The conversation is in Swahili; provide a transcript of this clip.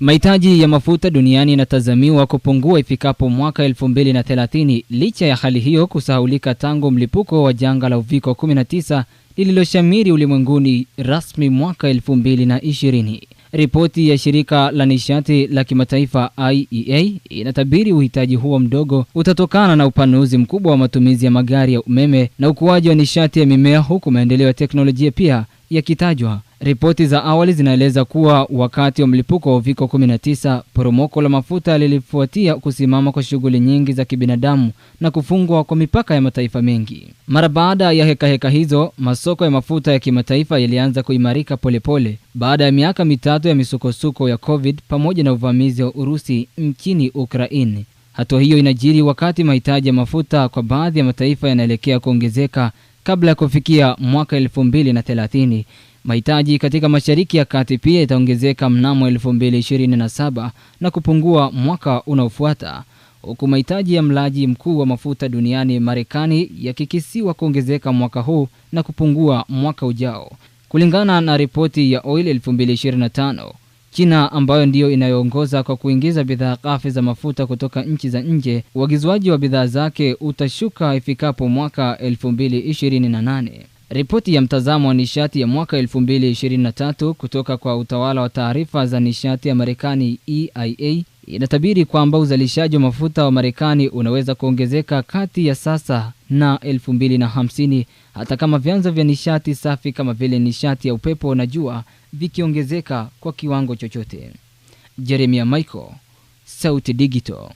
Mahitaji ya mafuta duniani yanatazamiwa kupungua ifikapo mwaka 2030 licha ya hali hiyo kusahaulika tangu mlipuko wa janga la Uviko 19 lililoshamiri ulimwenguni rasmi mwaka 2020. Ripoti ya shirika la nishati la kimataifa IEA inatabiri uhitaji huo mdogo utatokana na upanuzi mkubwa wa matumizi ya magari ya umeme na ukuaji wa nishati ya mimea huku maendeleo ya teknolojia pia yakitajwa Ripoti za awali zinaeleza kuwa wakati wa mlipuko wa uviko 19, poromoko la mafuta lilifuatia kusimama kwa shughuli nyingi za kibinadamu na kufungwa kwa mipaka ya mataifa mengi. Mara baada ya hekaheka heka hizo, masoko ya mafuta ya kimataifa yalianza kuimarika polepole baada ya miaka mitatu ya misukosuko ya COVID pamoja na uvamizi wa Urusi nchini Ukraini. Hatua hiyo inajiri wakati mahitaji ya mafuta kwa baadhi ya mataifa yanaelekea kuongezeka kabla ya kufikia mwaka 2030 Mahitaji katika Mashariki ya Kati pia itaongezeka mnamo 2027 na kupungua mwaka unaofuata, huku mahitaji ya mlaji mkuu wa mafuta duniani Marekani yakikisiwa kuongezeka mwaka huu na kupungua mwaka ujao. Kulingana na ripoti ya Oil 2025, China ambayo ndiyo inayoongoza kwa kuingiza bidhaa ghafi za mafuta kutoka nchi za nje, uagizwaji wa bidhaa zake utashuka ifikapo mwaka 2028. Ripoti ya mtazamo wa nishati ya mwaka 2023 kutoka kwa utawala wa taarifa za nishati ya Marekani EIA inatabiri kwamba uzalishaji wa mafuta wa Marekani unaweza kuongezeka kati ya sasa na 2050 hata kama vyanzo vya nishati safi kama vile nishati ya upepo na jua vikiongezeka kwa kiwango chochote. Jeremia Michael, Sauti Digital.